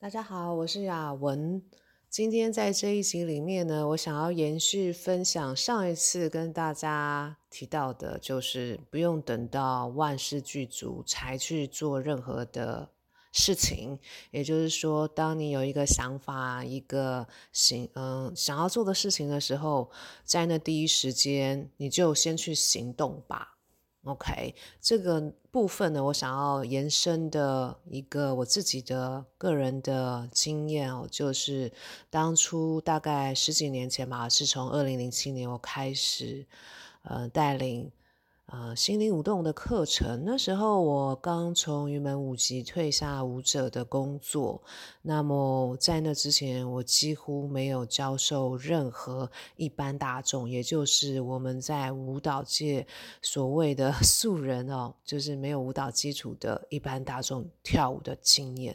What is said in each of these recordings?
大家好，我是雅雯。今天在這一集裡面呢，我想要延續分享上一次跟大家提到的，就是不用等到萬事俱足才去做任何的事情。也就是說，當你有一個想法、一個行，嗯，想要做的事情的時候，在那第一時間你就先去行動吧。OK，這個部分呢，我想要延伸的一個我自己的個人的經驗哦，就是當初大概十幾年前吧，是從二零零七年我開始，呃，帶領。呃，心靈舞動的課程，那時候我剛從雲門舞集退下舞者的工作，那麼在那之前，我幾乎沒有教授任何一般大眾，也就是我們在舞蹈界所謂的素人哦，就是沒有舞蹈基礎的一般大眾跳舞的經驗。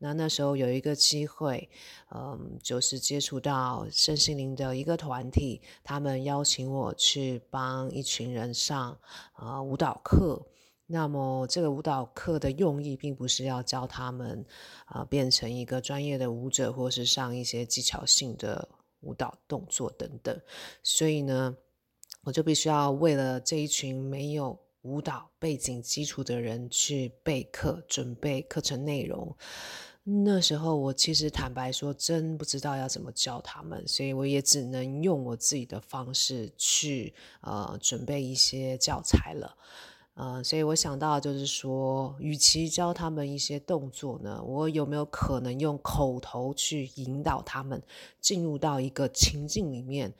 那那時候有一個機會，嗯，就是接觸到身心靈的一個團體，他們邀請我去幫一群人上。啊、呃，舞蹈課。那麼，這個舞蹈課的用意並不是要教他們啊、呃、變成一個專業的舞者，或是上一些技巧性的舞蹈動作等等。所以呢，我就必須要為了這一群沒有舞蹈背景基礎的人去備課，準備課程內容。那時候我其實坦白說，真不知道要怎麼教他們，所以我也只能用我自己的方式去呃準備一些教材了，嗯、呃，所以我想到就是說，與其教他們一些動作呢，我有沒有可能用口頭去引導他們進入到一個情境裡面，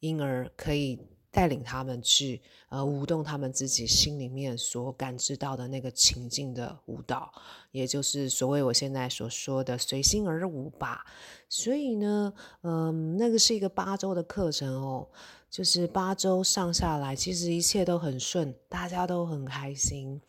因而可以。帶領他們去，呃，舞動他們自己心裡面所感知到的那個情境的舞蹈，也就是所謂我現在所說的隨心而舞吧。所以呢，嗯，那個是一個八周的課程哦，就是八周上下來，其實一切都很順，大家都很開心。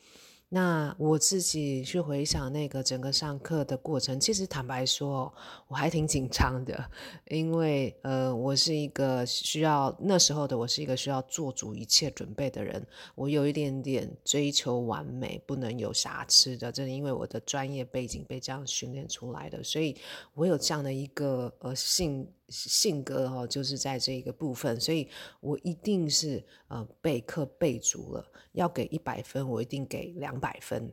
那我自己去回想那個整個上課的過程，其實坦白說，我還挺緊張的，因為呃，我是一個需要那時候的我是一個需要做足一切準備的人，我有一點點追求完美，不能有瑕疵的，正，就是因為我的專業背景被這樣訓練出來的，所以我有這樣的一個呃性。性格哦，就是在這個部分，所以我一定是呃備課備足了，要給一百分，我一定給兩百分，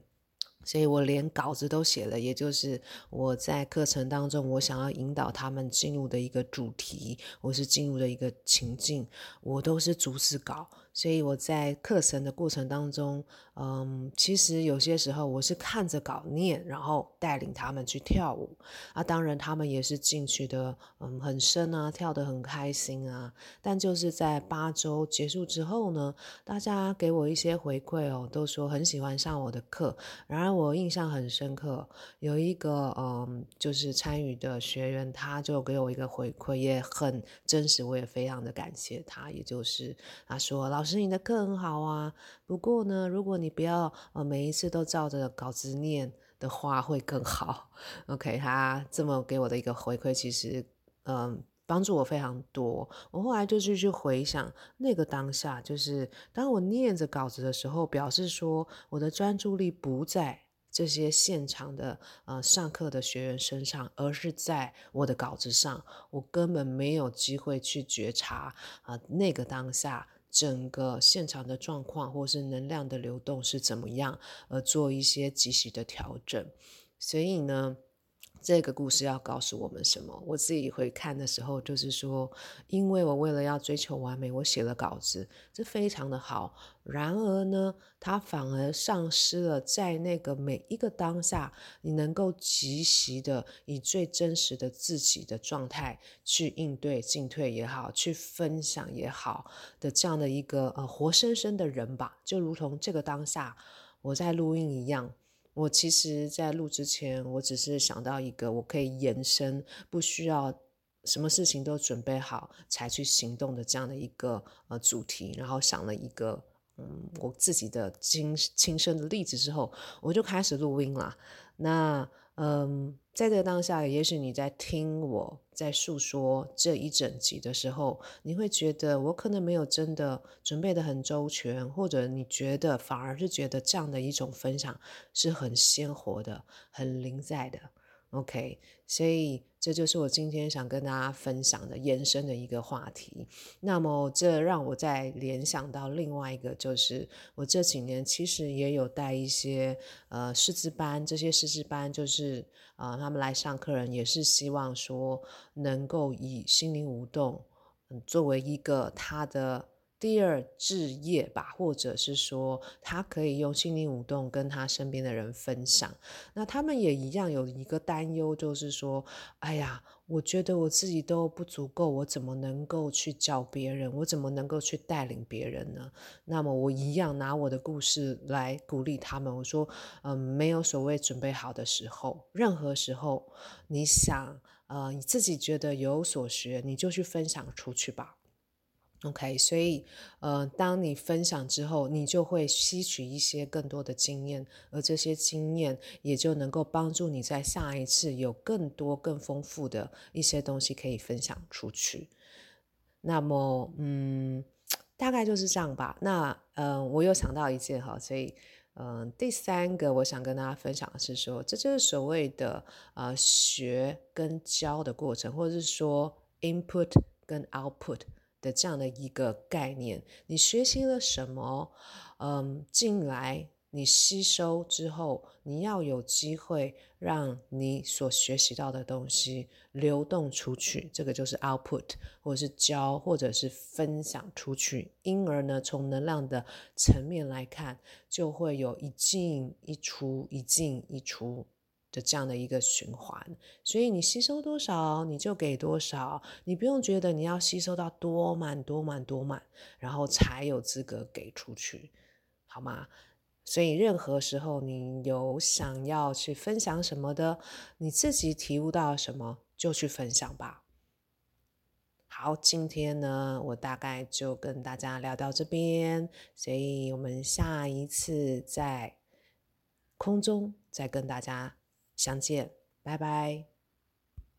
所以我連稿子都寫了，也就是我在課程當中，我想要引導他們進入的一個主題，或是進入的一個情境，我都是逐字稿。所以我在課程的過程當中，嗯，其實有些時候我是看着稿念，然後帶領他們去跳舞，啊，當然他們也是進去的，嗯，很深啊，跳得很開心啊。但就是在八周結束之後呢，大家給我一些回饋哦，都說很喜歡上我的課。然而我印象很深刻，有一個嗯，就是參與的學員，他就給我一個回饋，也很真實，我也非常的感謝他，也就是他說老。是你的課很好啊，不過呢，如果你不要呃每一次都照着稿子念的話，會更好。OK，他這麼給我的一個回饋，其實嗯、呃、幫助我非常多。我後來就繼續回想那個當下，就是當我念着稿子的時候，表示說我的專注力不在這些現場的呃上課的學員身上，而是在我的稿子上。我根本沒有機會去覺察、呃、那個當下。整個現場的狀況，或是能量的流動是怎麼樣，而做一些及時的調整。所以呢？這個故事要告訴我們什麼？我自己回看的時候，就是說，因為我為了要追求完美，我寫了稿子，這非常的好。然而呢，他反而喪失了在那個每一個當下，你能夠及時的以最真實的自己的狀態去應對，進退也好，去分享也好的這樣的一個，呃，活生生的人吧，就如同這個當下我在錄音一樣。我其實，在錄之前，我只是想到一個我可以延伸，不需要什麼事情都準備好才去行動的這樣的一個呃主題，然後想了一個嗯我自己的親，親身的例子之後，我就開始錄音了。那。嗯，在這個當下，也許你在聽我在訴說這一整集的時候，你會覺得我可能沒有真的準備得很周全，或者你覺得反而是覺得這樣的一種分享是很鮮活的、很臨在的。OK，所以這就是我今天想跟大家分享的延伸的一個話題。那麼，這讓我再聯想到另外一個，就是我這幾年其實也有帶一些呃師資班，這些師資班就是啊、呃，他們來上課人也是希望說能夠以心靈舞動嗯作為一個他的，第二，置業吧，或者是說，他可以用心靈舞動跟他身邊的人分享。那他們也一樣有一個擔憂，就是說，哎呀，我覺得我自己都不足夠，我怎麼能夠去教別人？我怎麼能夠去帶領別人呢？那麼，我一樣拿我的故事來鼓勵他們。我說，嗯，沒有所謂準備好的時候，任何時候，你想，呃，你自己覺得有所學，你就去分享出去吧。OK，所以，呃，當你分享之後，你就會吸取一些更多的經驗，而這些經驗也就能夠幫助你在下一次有更多、更豐富的一些東西可以分享出去。那麼，嗯，大概就是這樣吧。那，嗯、呃，我又想到一件哈，所以，嗯、呃，第三個我想跟大家分享的是說，這就是所謂的呃學跟教的過程，或者是說 input 跟 output。的這樣的一個概念，你學習了什麼？嗯，進來你吸收之後，你要有機會讓你所學習到的東西流動出去，這個就是 output，或者是教，或者是分享出去。因而呢，從能量的層面來看，就會有一進一出，一進一出。這樣的一個循環，所以你吸收多少，你就給多少，你不用覺得你要吸收到多滿、多滿、多滿，然後才有資格給出去，好嗎？所以任何時候你有想要去分享什麼的，你自己體悟到什麼就去分享吧。好，今天呢，我大概就跟大家聊到這邊，所以我們下一次在空中再跟大家相見，拜拜。